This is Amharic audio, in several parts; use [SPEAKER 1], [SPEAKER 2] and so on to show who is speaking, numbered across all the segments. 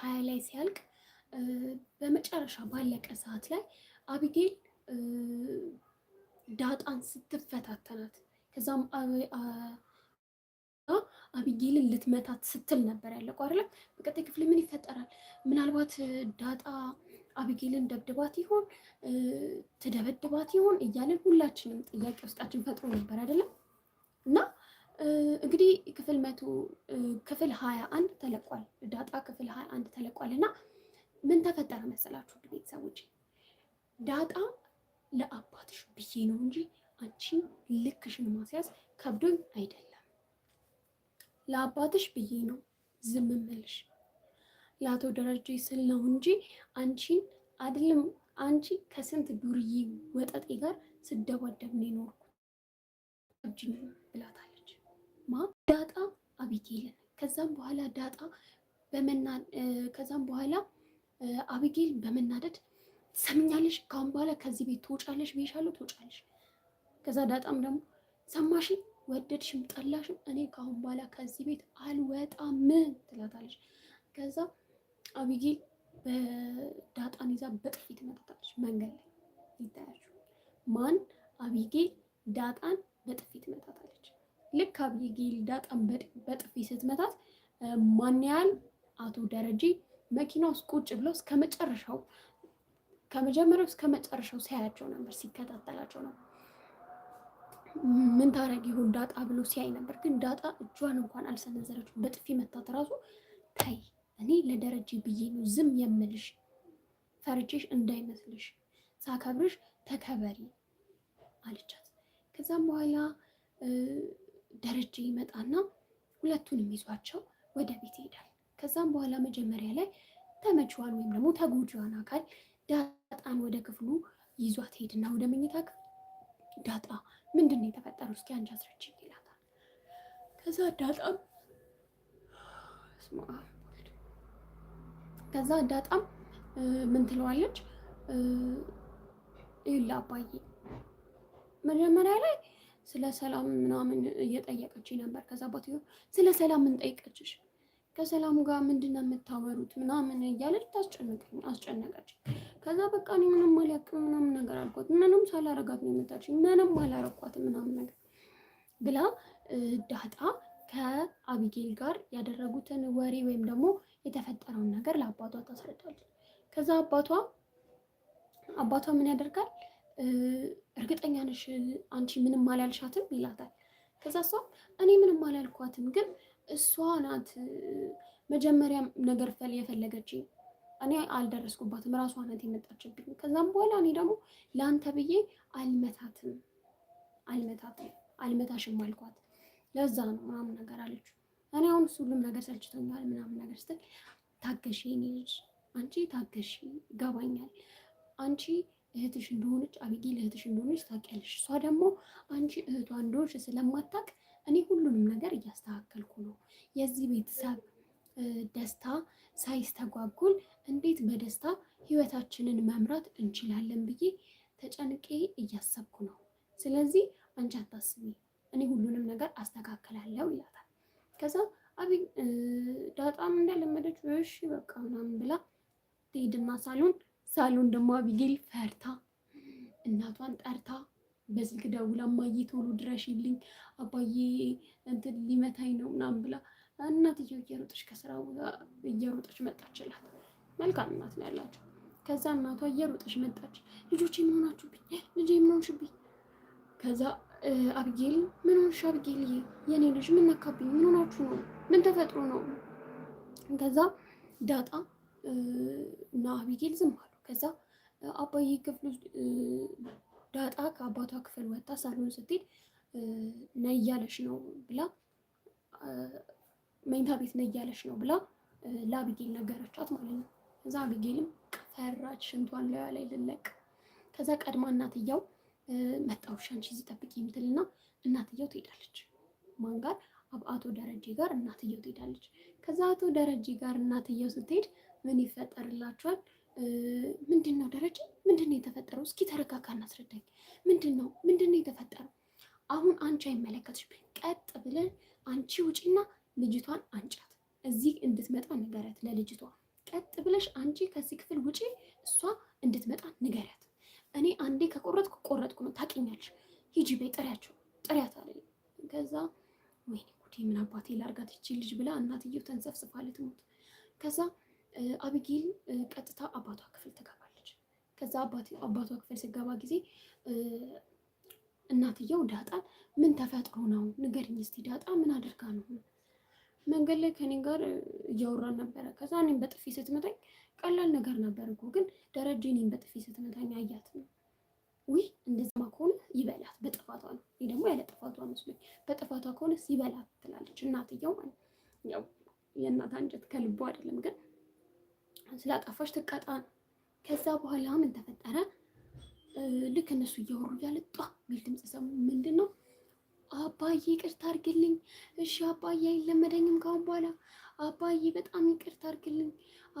[SPEAKER 1] ሀያ ላይ ሲያልቅ በመጨረሻ ባለቀ ሰዓት ላይ አቢጌል ዳጣን ስትፈታተናት ከዛም አቢጌልን ልትመታት ስትል ነበር ያለቀው አይደለም። በቀጣይ ክፍል ምን ይፈጠራል? ምናልባት ዳጣ አቢጌልን ደብድባት ይሆን ትደበድባት ይሆን እያለን ሁላችንም ጥያቄ ውስጣችን ፈጥሮ ነበር አይደለም እና እንግዲህ ክፍል መቶ ክፍል ሀያ አንድ ተለቋል። ዳጣ ክፍል ሀያ አንድ ተለቋል እና ምን ተፈጠረ መሰላችሁ ቤተሰቦች? ዳጣ ለአባትሽ ብዬ ነው እንጂ አንቺን ልክሽን ማስያዝ ከብዶኝ አይደለም። ለአባትሽ ብዬ ነው ዝም እምልሽ ለአቶ ደረጀ ስል ነው እንጂ አንቺን አይደለም። አንቺ ከስንት ዱርዬ ወጠጤ ጋር ስደባደብ ነው የኖርኩት ብላታለች። ማ ዳጣ አቢጌልን ከዛም በኋላ ዳጣ በመና ከዛም በኋላ አቢጌል በመናደድ ሰምኛለሽ፣ ካሁን በኋላ ከዚህ ቤት ትወጫለሽ፣ ብዬሻለሁ፣ ትወጫለሽ። ከዛ ዳጣም ደግሞ ሰማሽኝ፣ ወደድሽም ጠላሽም እኔ ካሁን በኋላ ከዚህ ቤት አልወጣም ትላታለች። ከዛ አቢጌል በዳጣን ይዛ በጥፊ ትመታታለች። መንገድ ላይ ይታያችሁ ማን አቢጌል ዳጣን በጥፊ ትመታታለች። ልክ አብይ ጌልዳ ጠንበጥ በጥፊ ስትመታት ማን ያህል አቶ ደረጀ መኪና ውስጥ ቁጭ ብሎ እስከ መጨረሻው ከመጀመሪያው እስከ መጨረሻው ሲያያቸው ነበር፣ ሲከታተላቸው ነው። ምን ታረግ ይሁን ዳጣ ብሎ ሲያይ ነበር። ግን ዳጣ እጇን እንኳን አልሰነዘረችው። በጥፊ መታት ራሱ ታይ እኔ ለደረጀ ብዬ ነው ዝም የምልሽ፣ ፈርቼሽ እንዳይመስልሽ፣ ሳከብርሽ ተከበሪ አለቻት። ከዛም በኋላ ደረጀ ይመጣና ሁለቱንም ይዟቸው ወደ ቤት ይሄዳል። ከዛም በኋላ መጀመሪያ ላይ ተመችዋን ወይም ደግሞ ተጎጂዋን አካል ዳጣን ወደ ክፍሉ ይዟት ሄድና ወደ መኝታ ክፍል ዳጣ ምንድን ነው የተፈጠረው? እስኪ አንቺ ይላታል። ከዛ ዳጣም ከዛ ዳጣም ምን ትለዋለች? ይላ አባዬ መጀመሪያ ላይ ስለ ሰላም ምናምን እየጠየቀች ነበር። ከዛ አባትየው ስለ ሰላም ምን ጠይቀችሽ? ከሰላሙ ጋር ምንድን ነው የምታወሩት? ምናምን እያለች ታስጨነቀኝ አስጨነቀች። ከዛ በቃ እኔ ምንም አልያቅም ምናምን ነገር አልኳት። ምንም ሳላረጋት ነው የመጣችኝ፣ ምንም አላረኳትም ምናምን ነገር ብላ ዳጣ ከአቢጌል ጋር ያደረጉትን ወሬ ወይም ደግሞ የተፈጠረውን ነገር ለአባቷ ታስረዳለች። ከዛ አባቷ አባቷ ምን ያደርጋል እርግጠኛ ነሽ አንቺ ምንም አላልሻትም ይላታል። ከዛ እሷም እኔ ምንም አላልኳትም፣ ግን እሷ ናት መጀመሪያ ነገር ፈል የፈለገች እኔ አልደረስኩባትም፣ ራሷ ናት የመጣችብኝ። ከዛም በኋላ እኔ ደግሞ ለአንተ ብዬ አልመታትም አልመታትም አልመታሽም አልኳት፣ ለዛ ነው ምናምን ነገር አለች። እኔ አሁን ሁሉም ነገር ሰልችቶኛል ምናምን ነገር ስትል ታገሽ፣ ኔ ልጅ አንቺ ታገሽ፣ ይገባኛል አንቺ እህትሽ እንደሆነች አቢጌል እህትሽ እንደሆነች ታውቂያለሽ። እሷ ደግሞ አንቺ እህቷ እንደሆንሽ ስለማታቅ እኔ ሁሉንም ነገር እያስተካከልኩ ነው። የዚህ ቤተሰብ ደስታ ሳይስተጓጉል እንዴት በደስታ ህይወታችንን መምራት እንችላለን ብዬ ተጨንቄ እያሰብኩ ነው። ስለዚህ አንቺ አታስቢ፣ እኔ ሁሉንም ነገር አስተካክላለሁ ይላታል። ከዛ አቢ ዳጣም እንደለመደችው እሺ በቃ ምናምን ብላ ትሄድና ሳሎን ሳሎን ደግሞ አቢጌል ፈርታ እናቷን ጠርታ በስልክ ደውላ እማዬ ቶሎ ድረሽልኝ አባዬ እንትን ሊመታኝ ነው ምናምን ብላ እናትዬው እየሮጠች ከስራ ቦታ እየሮጠች መጣችላት። መልካም እናት ነው ያላቸው። ከዛ እናቷ እየሮጠች መጣች። ልጆቼ ምን ሆናችሁብኝ? ልጄ ምን ሆንሽብኝ? ከዛ አብጌል ምን ሆንሽ? አብጌል የኔ ልጅ ምን ነካብኝ? ምን ሆናችሁ ነው? ምን ተፈጥሮ ነው? ከዛ ዳጣ እና አብጌል ዝም አሉ። ከዛ አባዬ ክፍል ዳጣ ከአባቷ ክፍል ወጥታ ሳሎን ስትሄድ ነይ እያለሽ ነው ብላ መኝታ ቤት ነይ እያለሽ ነው ብላ ለአብጌል ነገረቻት ማለት ነው። ከዛ አብጌልም ፈራች፣ ሽንቷን ላዩ ላይ ልለቅ። ከዛ ቀድማ እናትየው መጣሁ ሻንቺ እዚህ ጠብቂኝ ትልና እናትየው ትሄዳለች። ማን ጋር? አቶ ደረጀ ጋር እናትየው ትሄዳለች። ከዛ አቶ ደረጀ ጋር እናትየው ስትሄድ ምን ይፈጠርላችኋል? ምንድን ነው ደረጀ? ምንድን ነው የተፈጠረው? እስኪ ተረጋጋ እናስረዳኝ። ምንድን ነው ምንድን ነው የተፈጠረው? አሁን አንቺ አይመለከትሽ። ቀጥ ብለን አንቺ ውጪና ልጅቷን አንጫት። እዚህ እንድትመጣ ንገረት ለልጅቷ። ቀጥ ብለሽ አንቺ ከዚህ ክፍል ውጪ፣ እሷ እንድትመጣ ንገረት። እኔ አንዴ ከቆረጥኩ ቆረጥኩ ነው፣ ታውቂኛለሽ። ሂጂ በይ፣ ጥሪያቸው ጥሪያት አለ። ከዛ ወይኔ ጉዴ ምን አባቴ ላርጋት ይቺ ልጅ ብላ እናትየው ተንሰፍስፋ ልትሞት ከዛ አብጊል ቀጥታ አባቷ ክፍል ትገባለች። ከዛ አባቷ ክፍል ስገባ ጊዜ እናትየው ዳጣን ምን ተፈጥሮ ነው ንገሪኝ እስቲ ዳጣ ምን አድርጋ ነው? መንገድ ላይ ከኔ ጋር እያወራን ነበረ። ከዛ እኔም በጥፊ ስትመታኝ ቀላል ነገር ነበር እኮ ግን ደረጀ እኔም በጥፊ ስትመታኝ አያት ነው። ውይ እንደዚያማ ከሆነ ይበላት በጥፋቷ ነው። ይህ ደግሞ ያለ ጥፋቷ መስሎኝ በጥፋቷ ከሆነ ይበላት ትላለች እናትየው ማለት ያው የእናት አንጀት ከልቦ አይደለም ግን ስላጠፋች ትቀጣ። ከዛ በኋላ ምን ተፈጠረ? ልክ እነሱ እያወሩ እያለ ጧ ሚል ድምፅ ሰሙ። ምንድን ነው አባዬ ይቅርታ አድርግልኝ። እሺ አባዬ አይለመደኝም ካሁን በኋላ አባዬ በጣም ይቅርታ አድርግልኝ።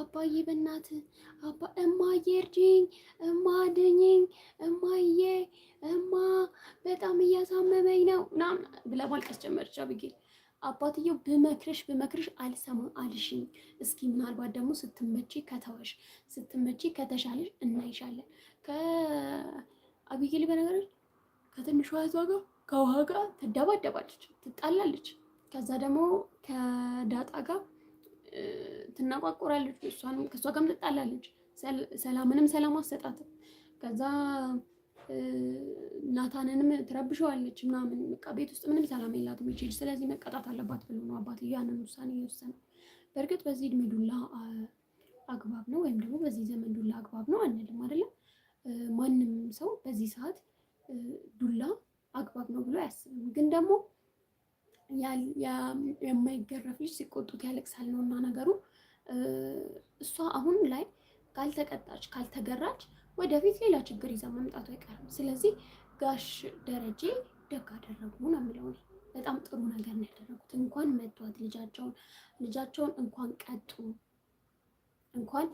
[SPEAKER 1] አባዬ በእናት አባ እማዬ እርጅኝ፣ እማ አድኝኝ፣ እማዬ እማ በጣም እያሳመመኝ ነው ምናምን ብላ ማልቀስ ጀመረች አብጌል። አባትየው ብመክርሽ ብመክርሽ አልሰማ አልሽኝ። እስኪ ምናልባት ደግሞ ስትመጪ ከተወሽ ስትመጪ ከተሻለሽ እናይሻለን። ከአቢጌል በነገሮች ከትንሿ እህቷ ጋር ከውሃ ጋር ትደባደባለች፣ ትጣላለች። ከዛ ደግሞ ከዳጣ ጋር ትናቋቁራለች። እሷንም ከእሷ ጋርም ትጣላለች። ሰላምንም ሰላም አሰጣትም ከዛ ናታንንም ትረብሸዋለች ምናምን በቃ ቤት ውስጥ ምንም ሰላም የላትም ልጅ ስለዚህ መቀጣት አለባት ብሎ ነው አባት ያንን ውሳኔ የወሰነው። በእርግጥ በዚህ እድሜ ዱላ አግባብ ነው ወይም ደግሞ በዚህ ዘመን ዱላ አግባብ ነው አንልም አይደለም። ማንም ሰው በዚህ ሰዓት ዱላ አግባብ ነው ብሎ አያስብም። ግን ደግሞ የማይገረፍ ልጅ ሲቆጡት ያለቅሳል ነው እና ነገሩ እሷ አሁን ላይ ካልተቀጣች ካልተገራች ወደፊት ሌላ ችግር ይዛ መምጣቱ አይቀርም። ስለዚህ ጋሽ ደረጀ ደግ አደረጉ ነው የምለው። በጣም ጥሩ ነገር ነው ያደረጉት። እንኳን መቷት ልጃቸውን ልጃቸውን እንኳን ቀጡ፣ እንኳን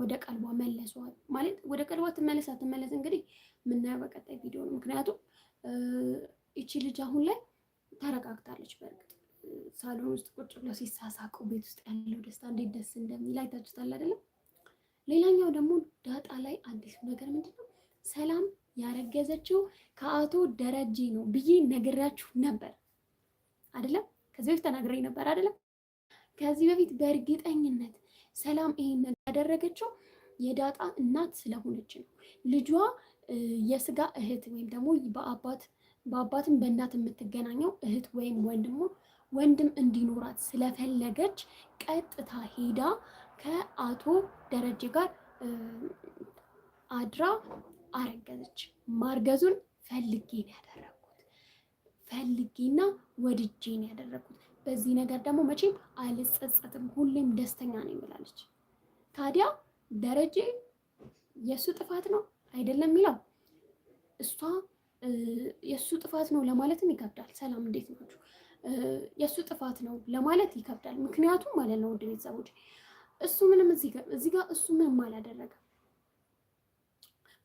[SPEAKER 1] ወደ ቀልቧ መለሷት። ማለት ወደ ቀልቧ ትመለስ አትመለስ እንግዲህ የምናየው በቀጣይ ቪዲዮ ነው። ምክንያቱም እቺ ልጅ አሁን ላይ ተረጋግታለች። በእርግጥ ሳሎን ውስጥ ቁጭ ብለው ሲሳሳቁ ቤት ውስጥ ያለው ደስታ እንዴት ደስ እንደሚል አይታችሁታል አይደለም? ሌላኛው ደግሞ ዳጣ ላይ አዲሱ ነገር ምንድን ነው? ሰላም ያረገዘችው ከአቶ ደረጀ ነው ብዬ ነግራችሁ ነበር አይደለም? ከዚህ በፊት ተናግረኝ ነበር አይደለም? ከዚህ በፊት በእርግጠኝነት ሰላም ይሄን ያደረገችው የዳጣ እናት ስለሆነች ነው። ልጇ የስጋ እህት ወይም ደግሞ በአባት በአባትም በእናት የምትገናኘው እህት ወይም ወንድሞ ወንድም እንዲኖራት ስለፈለገች ቀጥታ ሄዳ ከአቶ ደረጀ ጋር አድራ አረገዘች። ማርገዙን ፈልጌ ነው ያደረኩት፣ ፈልጌና ወድጄ ነው ያደረኩት። በዚህ ነገር ደግሞ መቼም አልጸጸትም፣ ሁሌም ደስተኛ ነኝ ብላለች። ታዲያ ደረጀ የእሱ ጥፋት ነው አይደለም የሚለው እሷ የእሱ ጥፋት ነው ለማለትም ይከብዳል። ሰላም እንዴት ናችሁ? የእሱ ጥፋት ነው ለማለት ይከብዳል። ምክንያቱም ማለት ነው ውድ ቤተሰቦች እሱ ምንም እዚህ ጋር እዚህ ጋር እሱ ምንም አላደረገም።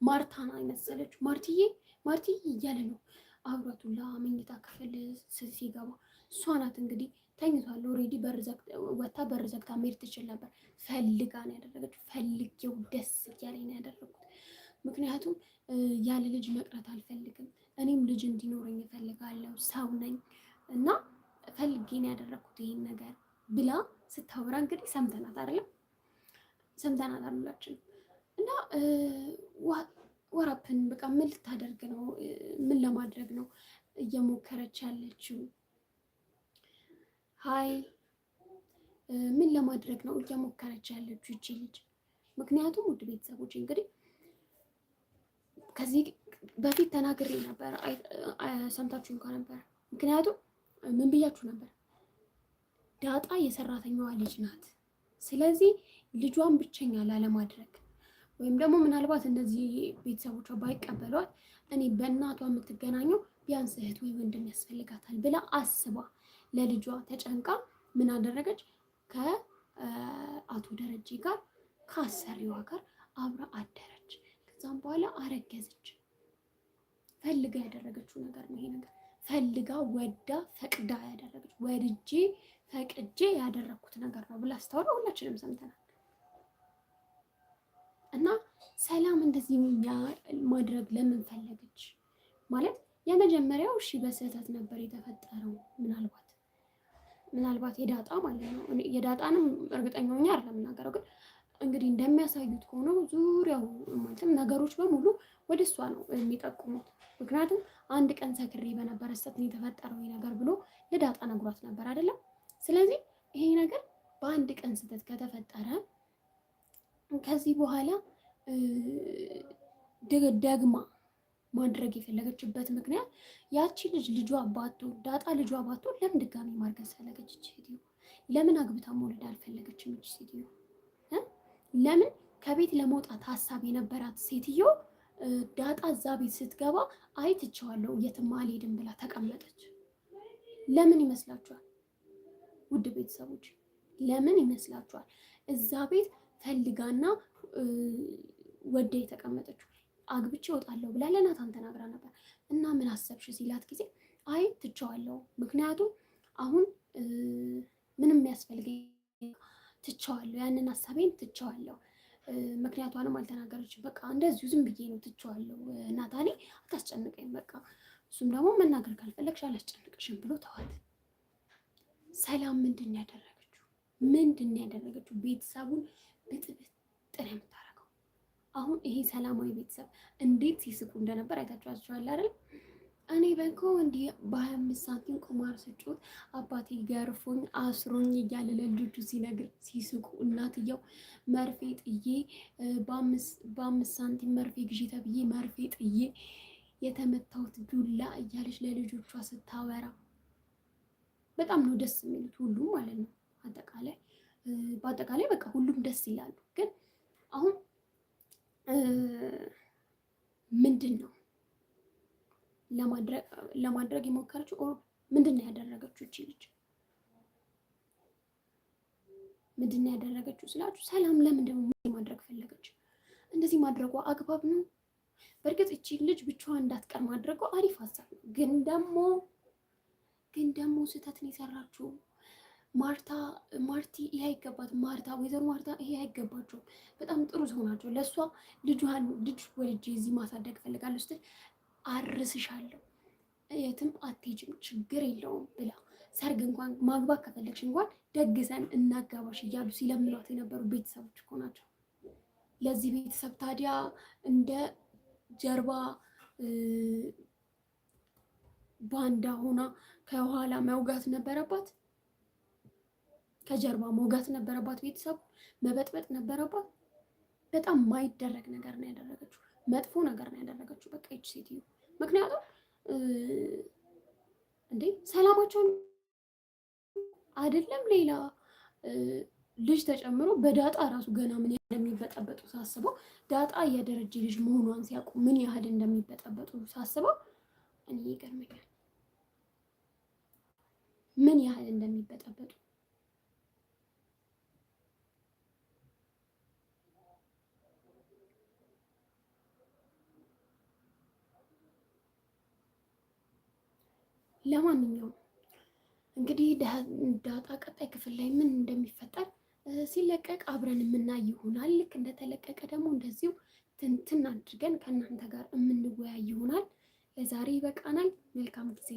[SPEAKER 1] ማርታን አይመሰለች ማርትዬ ማርትዬ እያለ ነው አብሯቱ መኝታ ክፍል ሲገባ እሷ ናት እንግዲህ ተኝቷል። ኦልሬዲ ወታ በር ዘግታ መሄድ ትችል ነበር። ፈልጋ ነው ያደረገች። ፈልጌው ደስ እያለኝ ነው ያደረግኩት። ምክንያቱም ያለ ልጅ መቅረት አልፈልግም። እኔም ልጅ እንዲኖረኝ እፈልጋለሁ። ሰው ነኝ እና ፈልጌ ነው ያደረግኩት ይህን ነገር ብላ ስታወራ እንግዲህ ሰምተናት አይደለም ሰምተናት አሉላችን እና ወራፕን በቃ ምን ልታደርግ ነው? ምን ለማድረግ ነው እየሞከረች ያለችው? ሀይ ምን ለማድረግ ነው እየሞከረች ያለችው ይቺ ልጅ? ምክንያቱም ውድ ቤተሰቦች እንግዲህ ከዚህ በፊት ተናግሬ ነበር፣ ሰምታችሁኝ እኮ ነበር። ምክንያቱም ምን ብያችሁ ነበር? ዳጣ የሰራተኛዋ ልጅ ናት። ስለዚህ ልጇን ብቸኛ ላለማድረግ ወይም ደግሞ ምናልባት እነዚህ ቤተሰቦቿ ባይቀበሏት እኔ በእናቷ የምትገናኘው ቢያንስ እህት ወይ ወንድም ያስፈልጋታል ብላ አስባ ለልጇ ተጨንቃ ምን አደረገች? ከአቶ ደረጀ ጋር ከአሰሪዋ ጋር አብራ አደረች። ከዛም በኋላ አረገዘች። ፈልጋ ያደረገችው ነገር ነው ይሄ ነገር ፈልጋ ወዳ ፈቅዳ ያደረገች ወድጄ ፈቅጄ ያደረግኩት ነገር ነው ብላ አስተውለው ሁላችንም ሰምተናል። እና ሰላም እንደዚህ ማድረግ ለምን ፈለገች ማለት የመጀመሪያው እሺ በስህተት ነበር የተፈጠረው። ምናልባት ምናልባት የዳጣ ማለት ነው የዳጣንም እርግጠኛ ሆኜ አይደለም የምናገረው፣ ግን እንግዲህ እንደሚያሳዩት ከሆነ ዙሪያው ማለትም ነገሮች በሙሉ ወደ እሷ ነው የሚጠቁሙት። ምክንያቱም አንድ ቀን ሰክሬ በነበረ ስህተት ነው የተፈጠረው ነገር ብሎ ለዳጣ ነግሯት ነበር አይደለም። ስለዚህ ይሄ ነገር በአንድ ቀን ስህተት ከተፈጠረ ከዚህ በኋላ ደግማ ማድረግ የፈለገችበት ምክንያት ያቺ ልጅ ልጇ አባቶ ዳጣ ልጇ አባቶ ለምን ድጋሚ ማርገዝ ፈለገች? ሴትዮ ለምን አግብታ መውለድ አልፈለገችም? እች ሴትዮ ለምን ከቤት ለመውጣት ሀሳብ የነበራት ሴትዮ ዳጣ እዛ ቤት ስትገባ አይ የትም አልሄድም ብላ ተቀመጠች። ለምን ይመስላችኋል? ውድ ቤተሰቦች ለምን ይመስላችኋል እዛ ቤት ፈልጋና ወደ የተቀመጠችው? አግብቼ እወጣለሁ ብላ ለናታን ተናግራ ነበር። እና ምን አሰብሽ ሲላት ጊዜ አይ ትቸዋለሁ፣ ምክንያቱም አሁን ምንም የሚያስፈልገኝ ትቸዋለሁ፣ ያንን ሀሳቤን ትቸዋለሁ። ምክንያቷንም አልተናገረችም። በቃ እንደዚሁ ዝም ብዬ ነው ትቸዋለሁ፣ ናታኔ አታስጨንቀኝ፣ በቃ እሱም ደግሞ መናገር ካልፈለግሽ አላስጨንቅሽም ብሎ ተዋት። ሰላም ያደረገችው ምንድን ያደረገችው ቤተሰቡን ብጥብጥ ነው የምታደርገው። አሁን ይሄ ሰላማዊ ቤተሰብ እንዴት ሲስቁ እንደነበር አይታችኋቸዋል አይደል? እኔ በኮ እንዲህ በሀያ አምስት ሳንቲም ቁማር ስጮት አባቴ ገርፎኝ አስሮኝ እያለ ለልጆቹ ሲነግር ሲስቁ፣ እናትየው መርፌ ጥዬ በአምስት ሳንቲም መርፌ ግዢ ተብዬ መርፌ ጥዬ የተመታሁት ዱላ እያለች ለልጆቿ ስታወራ በጣም ነው ደስ የሚሉት ሁሉም ማለት ነው። አጠቃላይ በአጠቃላይ በቃ ሁሉም ደስ ይላሉ። ግን አሁን ምንድን ነው ለማድረግ የሞከረችው ኦር ምንድን ነው ያደረገችው እቺ ልጅ? ምንድን ነው ያደረገችው ስላችሁ፣ ሰላም ለምን ነው ማድረግ ፈለገች? እንደዚህ ማድረጓ አግባብ ነው? በእርግጥ እቺ ልጅ ብቻዋን እንዳትቀር ማድረጓ አሪፍ ሀሳብ ነው፣ ግን ደግሞ ግን ደግሞ ስህተት ነው የሰራችው። ማርታ ማርቲ ይሄ አይገባትም። ማርታ ወይዘሮ ማርታ ይሄ አይገባቸውም። በጣም ጥሩ ሰው ናቸው። ለእሷ ልጇን ልጅ ወልጄ እዚህ ማሳደግ እፈልጋለሁ ስትል አርስሻለሁ፣ የትም አትሄጂም፣ ችግር የለውም ብላ ሰርግ እንኳን ማግባት ከፈለግሽ እንኳን ደግሰን እናጋባሽ እያሉ ሲለምኗት የነበሩ ቤተሰቦች እኮ ናቸው። ለዚህ ቤተሰብ ታዲያ እንደ ጀርባ ባንዳ ሆና ከኋላ መውጋት ነበረባት፣ ከጀርባ መውጋት ነበረባት፣ ቤተሰቡ መበጥበጥ ነበረባት። በጣም ማይደረግ ነገር ነው ያደረገችው፣ መጥፎ ነገር ነው ያደረገችው። በቃ ይች ሴትዮ ምክንያቱም እንዴ ሰላማቸውን አይደለም ሌላ ልጅ ተጨምሮ በዳጣ ራሱ ገና ምን ያህል እንደሚበጠበጡ ሳስበው ዳጣ የደረጀ ልጅ መሆኗን ሲያውቁ ምን ያህል እንደሚበጠበጡ ሳስበው እኔ ይገርመኛል። ምን ያህል እንደሚበጠበጡ ለማንኛውም እንግዲህ ዳጣ ቀጣይ ክፍል ላይ ምን እንደሚፈጠር ሲለቀቅ አብረን የምናይ ይሆናል። ልክ እንደተለቀቀ ደግሞ እንደዚሁ ትንትን አድርገን ከእናንተ ጋር የምንወያይ ይሆናል። ለዛሬ ይበቃናል። መልካም ጊዜ